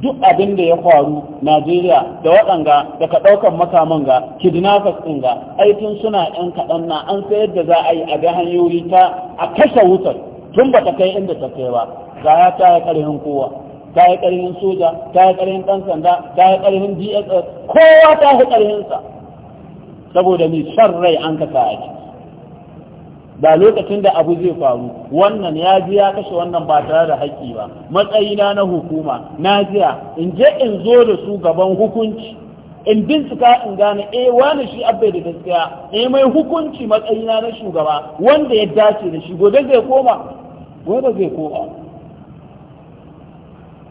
duk abin da ya faru Najeriya da waɗanga daga ɗaukan makaman ga kidnappers ɗin ga aikin suna ɗan kaɗan na an sayar da za a yi a ga hanyoyi ta a kashe wutar tun ba ta kai inda ta kai ba ga ya ta yi ƙarfin kowa ta yi ƙarfin soja ta yi ƙarfin ɗan sanda ta yi ƙarfin dss kowa ta yi sa. saboda mai son rai an kasa a ciki Ba lokacin da abu zai faru wannan ya ji ya kashe wannan ba tare da haƙƙi ba matsayina na hukuma na jiya in je in zo da su gaban hukunci in bincika in gane eh wani shi abbai da gaskiya eh mai hukunci matsayina na shugaba wanda ya dace da shi gobe zai koma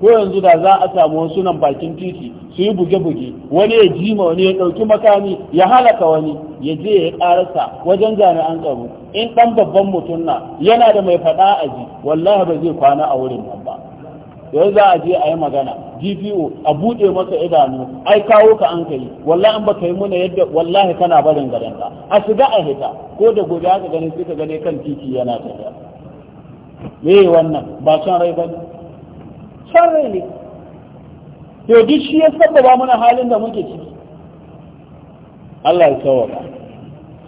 ko yanzu da za a samu wasu nan bakin titi su yi buge-buge wani ya jima wani ya ɗauki makami ya halaka wani ya je ya ƙarasa wajen jami'an tsaro in ɗan babban mutum na yana da mai faɗa a ji wallahi ba zai kwana a wurin nan ba yanzu za a je a yi magana GPO a buɗe masa idanu ai kawo ka an kai wallahi an baka yi muna yadda wallahi kana barin garin ka a shiga a hita ko da gobe aka gani sai ka gane kan titi yana tafiya me wannan ba can rai bane sharri ne to duk shi ya ba mana halin da muke ciki Allah ya ba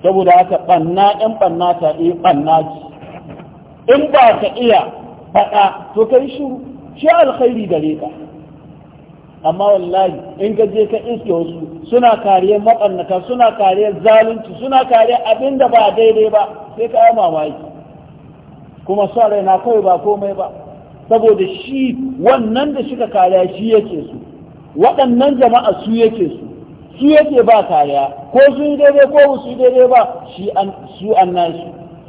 saboda haka banna ɗan banna ta ɗaya banna ci in ba ka iya faɗa to kai shiru shi alkhairi gare ka amma wallahi in ka je ka iske wasu suna kariyar maɓannata suna kariyar zalunci suna kariyar abin da ba daidai ba sai ka yi mamaki kuma sa rai na kawai ba komai ba saboda shi wannan da suka kariya shi yake su waɗannan jama'a su yake su su yake ba kariya ko su yi daidai ko su yi daidai ba shi an su an nashi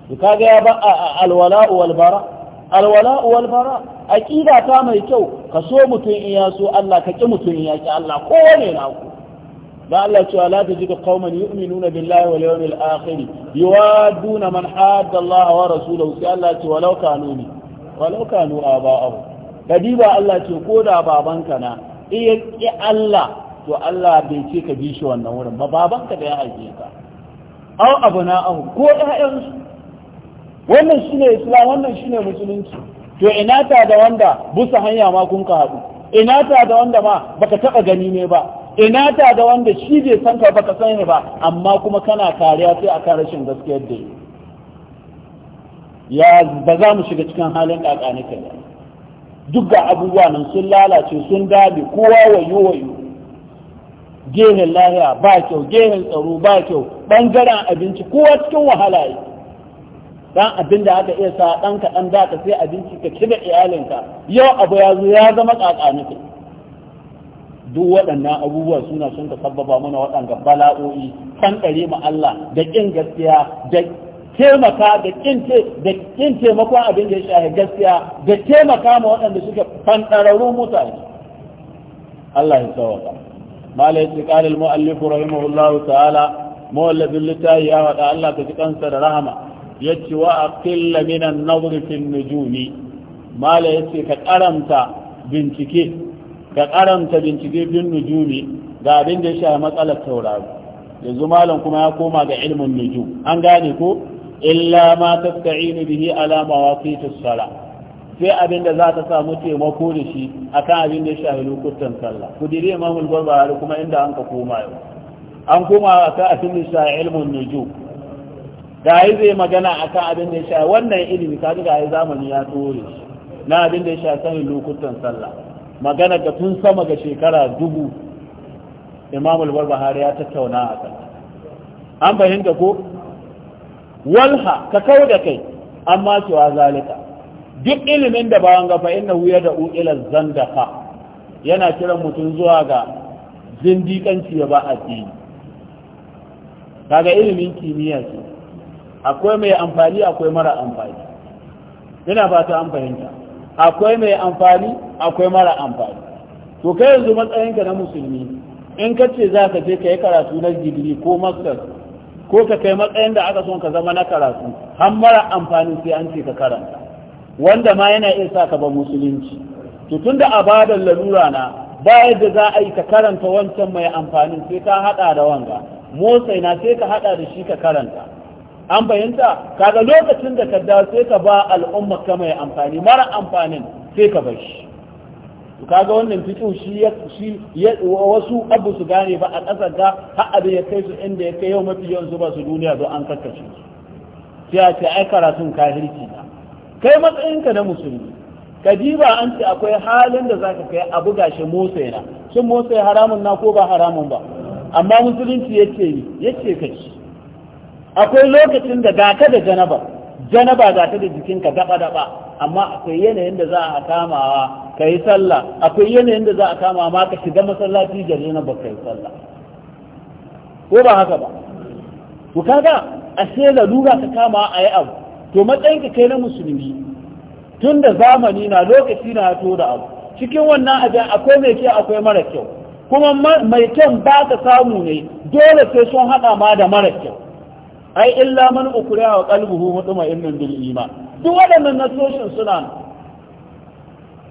to kaga ya ba alwala'u wal bara alwala'u wal bara aqida ta mai kyau ka so mutum in ya so Allah ka ki mutum in ya ki Allah na naku da Allah cewa la tajidu qauman yu'minuna billahi wal yawmil akhir yuwadduna man hadda Allah wa rasulahu sai Allah ce walau kanuni walau kanu aba'ahu ba Allah ce ko da babanka na iya ki Allah to Allah bai ce ka bi shi wannan wurin ba babanka da ya aje ka aw abna'ahu ko su wannan shine islam wannan shine musulunci to ina ta da wanda busa hanya ma kun ka haɗu ina ta da wanda ma baka taɓa gani ne ba ina ta da wanda shi bai san ka baka san ba amma kuma kana kariya sai akan rashin gaskiyar da yi ya ba za mu shiga cikin halin ke ba duk ga abubuwa nan sun lalace sun dame kowa wayo wayo gehen lahiya ba kyau gehen tsaro ba kyau ɓangaren abinci kowa cikin wahala yi dan abin da aka iya sa ɗan kaɗan da ka sai abinci ka ci da iyalinka yau abu ya zo ya zama ke duk waɗannan abubuwa suna sun ka sabbaba mana waɗanda bala'o'i kan ɗari mu Allah da ƙin gaskiya da taimaka da kin taimakon abin da ya shahi gaskiya da taimaka ma waɗanda suke fanɗararru mutane Allah ya tsawata mala yace rahimahullahu ta'ala muallafin littafi ya wada Allah ka ji kansa da rahama yace wa aqilla min an-nadr fi an-nujumi yace ka karanta bincike ka karanta bincike bin nujumi ga abin da ya shahi matsalar tauraro yanzu malam kuma ya koma ga ilimin nujum an gane ko illa ma tasta'inu bihi ala mawaqitis sala sai abin za ta samu taimako da shi akan abin da ya shafi lokutan sallah ku dire imamul barbahari kuma inda an ka koma yau da yi zai magana kan abin da ya shafi wannan ilimi ka ga yi zamani ya tsore na abin da ya shafi sanin lokutan sallah magana ga tun sama ga shekara dubu imamul barbahari ya tattauna akan an fahimta ko walha ka kawo da kai amma cewa zalika duk ilimin da bawan gafa inna huya da ila zandaka yana kiran mutum zuwa ga zindikanci ya ba addini kaga ilimin kimiyya ce akwai mai amfani akwai mara amfani ina ba ta fahimta akwai mai amfani akwai mara amfani to kai yanzu matsayinka na musulmi in ka ce za ka je ka yi karatu na digiri ko masters ko ka kai matsayin da aka son ka zama na karatu har mara amfani sai an ce ka karanta wanda ma yana iya sa ka ba musulunci to tunda abadan lalura na ba yadda za a yi ka karanta wancan mai amfani sai ka hada da wanga motsai na sai ka hada da shi ka karanta an fahimta kaga lokacin da ka dawo sai ka ba al'umma ka mai amfani mara amfanin sai ka bar shi to kaga wannan fiqh shi ya shi ya wasu abu su gane ba a kasar ta har abin ya kai su inda ya kai yau mafi yawan su ba su duniya don an kakkace sai a ce ai karatun kafirci na kai matsayinka na musulmi ka ba an ce akwai halin da zaka kai a buga shi motsa yana shin motsa haramun na ko ba haramun ba amma musulunci yi, yake ka ci akwai lokacin da gaka da janaba janaba gata da jikinka daba daba amma akwai yanayin da za a kamawa ka yi sallah akwai yanayin da za a kama ma ka shiga masallaci jarina ba ka yi sallah ko ba haka ba to kaga ashe lalura ka kama a yi abu to matsayin ka kai na musulmi tun da zamani na lokaci na to da abu cikin wannan ajiyar akwai mai kyau akwai mara kyau kuma mai kyau ba ka samu ne dole sai sun haɗa ma da mara kyau ai illa man ukuriya wa qalbuhu innan bil iman duk waɗannan nasoshin suna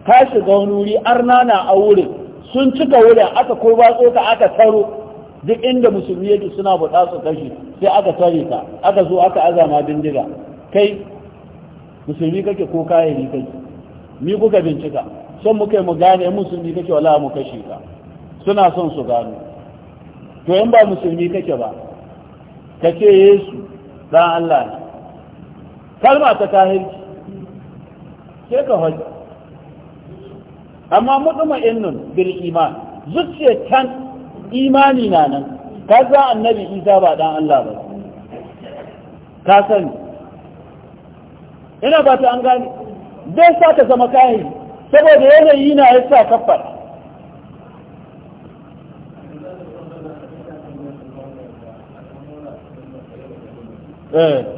kashi shiga wani wuri arna na a wurin sun cika wurin aka ko ba ka aka taro duk inda musulmi yake suna buɗa su kashi sai aka tare ta aka zo aka azama bindiga kai musulmi kake ko kayayyaki kai ni kuka bincika son muka yi mu gane musulmi kake wala mu kashe ka suna son su gano to in ba musulmi kake ba ce Yesu dan Allah ne kalma ta kahirci ke ka hajji amma mutuma innun bil iman zuciya can imani na nan ka za annabi isa ba dan Allah ba ka sani ina ba ta an gani. zai sa ka zama kahiri saboda yanayi na ya sa kafar eh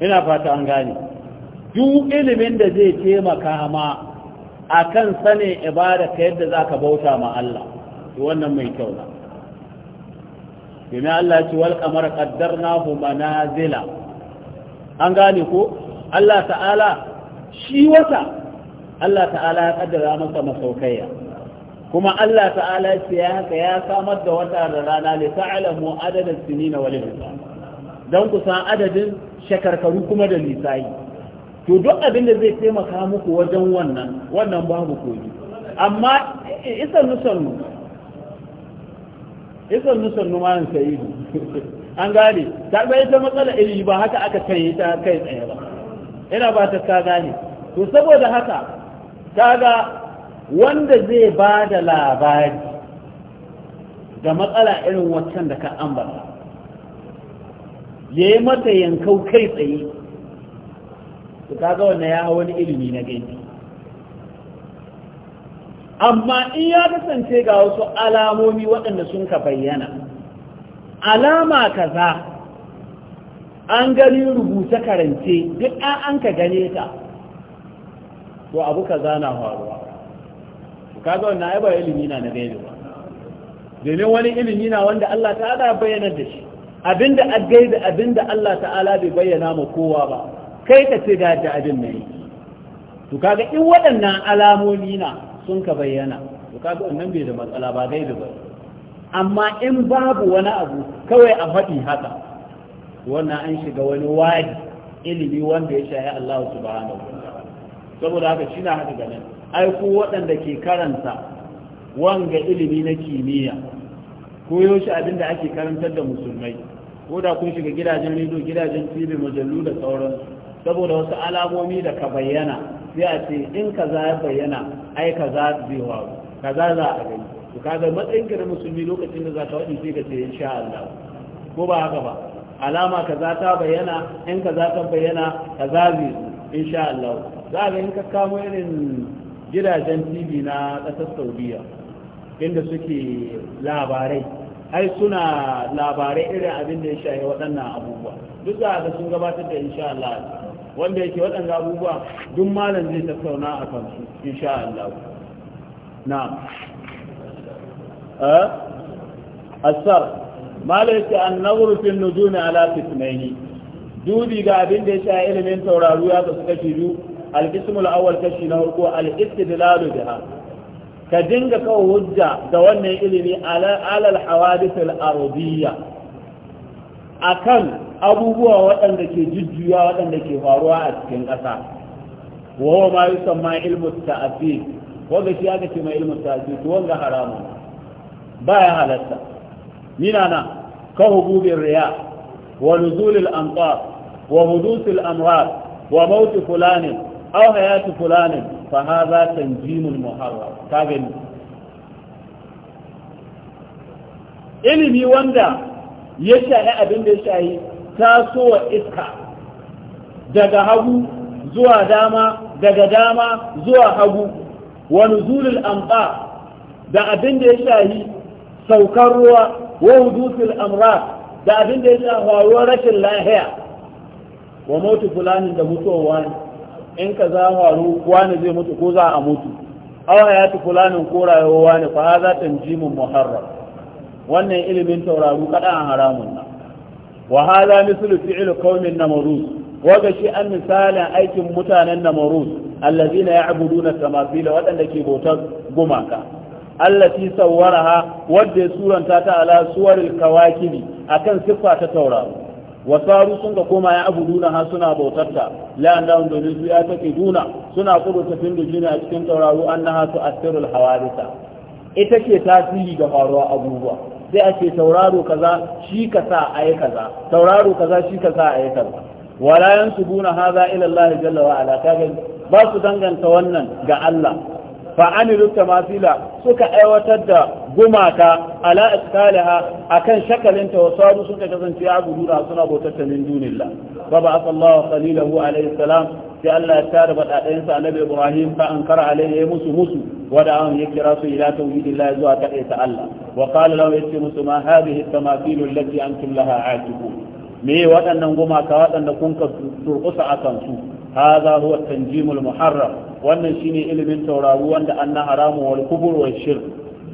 ina fata an gane duk ilimin da zai taimaka ma akan sane ibada ka yadda zaka bauta ma Allah to wannan mai kyau na domin Allah ci ce wal qamara qaddarnahu manazila an gane ko Allah ta'ala shi wata Allah ta'ala ya kaddara masa masaukaiya kuma Allah ta'ala ya haka ya samar da wata da rana li ta'lamu adadin sinina wal hisab dan ku san adadin shakarkaru kuma da nisa'i to duk abin da zai taimaka muku wajen wannan wannan babu koyi amma isannu isan isannu sannu yin sayi an gane ta bai ta matsala iri ba haka aka kai ta kai tsaye ba ina ba ta ka gane to saboda haka ga wanda zai ba da labari da matsala irin waccan da ka ambata ya yi mata yankau kai tsaye su kaga wannan ya wani ilimi na gaibi amma in ya kasance ga wasu alamomi waɗanda sun ka bayyana alama kaza an gani rubuta karance duk an ka gane ta to abu kaza na faruwa kaga wannan ai ba ilimi na na gaibi ba domin wani ilimi na wanda Allah ta da bayyana da shi abinda agai da abinda Allah ta'ala bai bayyana ma kowa ba kai ka ce da abin ne to kaga in waɗannan alamomi na sun ka bayyana to kaga wannan bai da matsala ba da ba amma in babu wani abu kawai a faɗi haka wannan an shiga wani wadi ilimi wanda ya shahi Allah subhanahu wa saboda haka shi na haka ganin ai ku waɗanda ke karanta wanga ilimi na kimiyya koyo shi abin ake karantar da musulmai ko da kun shiga gidajen rido gidajen tv mujallu da sauran saboda wasu alamomi da ka bayyana sai a ce in za ya bayyana ai kaza zai wawo ka za a gani to ga matsayin ka na musulmi lokacin da za ka wadi sai ka ce insha Allah ko ba haka ba alama za ta bayyana in za ta bayyana za zai insha Allah za ga in ka kamo irin gidajen tv na ƙasar saudiya inda suke labarai ai suna labarai irin abin da ya shahi waɗannan abubuwa duk za ga sun gabatar da insha Allah wanda yake waɗannan abubuwa duk malam zai tattauna a kan su insha Allah na'am eh asar malam yake an nazuru fil nujumi ala fitnaini dubi ga abin da ya shahi ilimin tauraru ya kasu kashi biyu al-qismul awwal kashi na farko al-istidlalu biha ka dinga kawo hujja da wannan ilimi alal hawadithul ardiyya akan abubuwa waɗanda ke jujjuya waɗanda ke faruwa a cikin ƙasa wa huwa ma yusamma ilmu ta'fif wanda shi aka ce mai ilmu ga wanda haramu baya halatta mina na ka hububin riya wa nuzulil anqar wa hudusul amrar wa mautu fulanin aw hayatu fulanin fa hadha tanjimul muharram ka gani ilimi wanda ya shahi abin da ya shahi tasowa iska daga hagu zuwa dama daga dama zuwa hagu wa nuzulul anqa da abin da ya shahi saukar ruwa wa hudusul amra da abin da ya shahi rashin lahiya wa mutu fulani da mutuwa wani in ka za faru wani zai mutu ko za a mutu ya fi fulanin ko rayuwa ne, fa ji tanjimun muharram wannan ilimin tauraru an haramun na wa hadha mislu fi'l qaumin namrus waga shi an misalin aikin mutanen namrus allazina ya'buduna tamasila waɗanda ke bautar gumaka allati sawwaraha wadda suranta ta ala suwaril kawakibi akan siffa ta tauraru wasaru sun ga koma ya abu duna ha suna bautarta la annahum domin su ya take duna suna kudurta fin da juna a cikin tauraro annaha su asirul hawadisa ita ce tasiri ga faruwa abubuwa sai a ce tauraro kaza shi ka sa a yi kaza tauraro kaza shi ka sa a yi kaza wala yansubuna ila Allah jalla wa ala ba su danganta wannan ga Allah fa'amilu tamasila suka aiwatar da gumaka ala iskalaha akan shakalinta wa sabu suka kasance ya gudura suna bautar ta min dunillah fa ba Allah khalilahu alayhi salam sai Allah ya tara ba dadayen sa annabi Ibrahim kara ankara alayhi musu musu wada an ya kira su ila tauhidillah zuwa ta ta Allah wa qala lahu yati musu ma hadhihi tamasilu allati antum laha aakifun me waɗannan gumaka waɗanda kun ka turkusa akan su hadha huwa tanjimul muharram wannan shine ilimin tauraru wanda anna haramu wal kubur wal shirk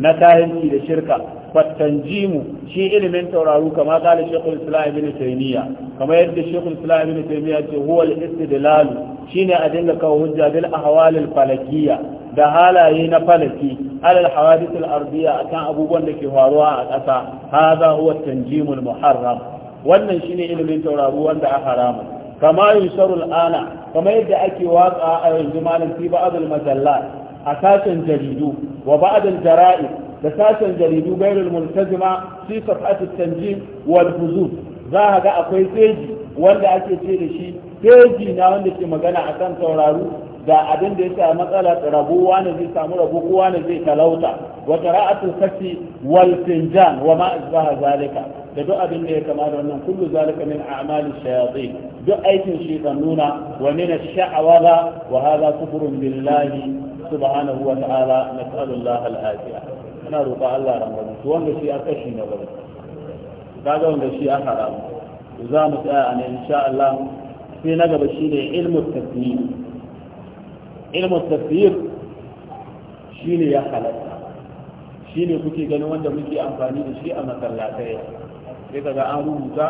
na kayanci da shirka fatanjimu shi ilimin tauraru kama kala shekul islam ibn taymiya kama yadda shekul islam ibn taymiya ce huwa al-istidlal shine a dinga kawo hujja bil ahwal al-falakiyya da halaye na falaki alal hawadith al-ardiyya akan abubuwan da ke faruwa a ƙasa hadha Tanjimu tanjimul muharram wannan shine ilimin tauraru wanda a haramun kama yusaru al'ana kama yadda ake watsa a yanzu malam fi ba'dul a sashen jaridu wa ba'dul jara'i da sashen jaridu gairul multazima fi safhat at-tanjim wal huzur za ga akwai peji wanda ake ce da shi peji na wanda ke magana akan sauraro da abin da ya sa matsala rabuwa wani zai samu rabu kowa ne zai talauta wa qira'atul kafi wal finjan wa ma asbaha zalika da duk abin da ya kamata da wannan kullu zalika min a'mali shayatin duk aikin nuna wa min ash-sha'awa wa hadha kufrun billahi subhanahu wa ta'ala nas'alullah al-afiya ina roƙa Allah rangwame to wanda shi aka shi na gaba kaga wanda shi aka haramu za mu tsaya ne insha Allah sai na gaba shine ilmu tasnim ilmin tafsir shine ya halatta shine kuke ganin wanda muke amfani da shi a masallatai sai kaga an rubuta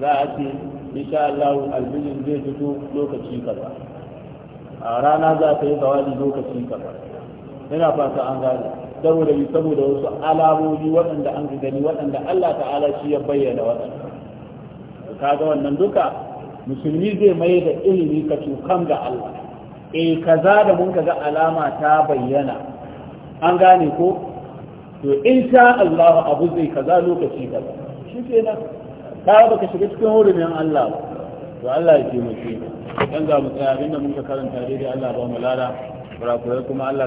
za a ce insha Allah albijin zai fito lokaci kaza a rana za ta yi zawali lokaci kaza ina fata an gane saboda bi saboda wasu alamomi waɗanda an gani waɗanda Allah ta'ala shi ya bayyana waɗanda kaga wannan duka musulmi zai mai da ilimi ka kan da Allah e kaza da mun ga alama ta bayyana an gane ko to in sha Allah abu zai kaza lokaci da shi nan ka baka shiga cikin hurumin Allah to Allah ya mu shi dan za mu tsaya abinda mun ka karanta daidai Allah ba mu lada kurakure kuma Allah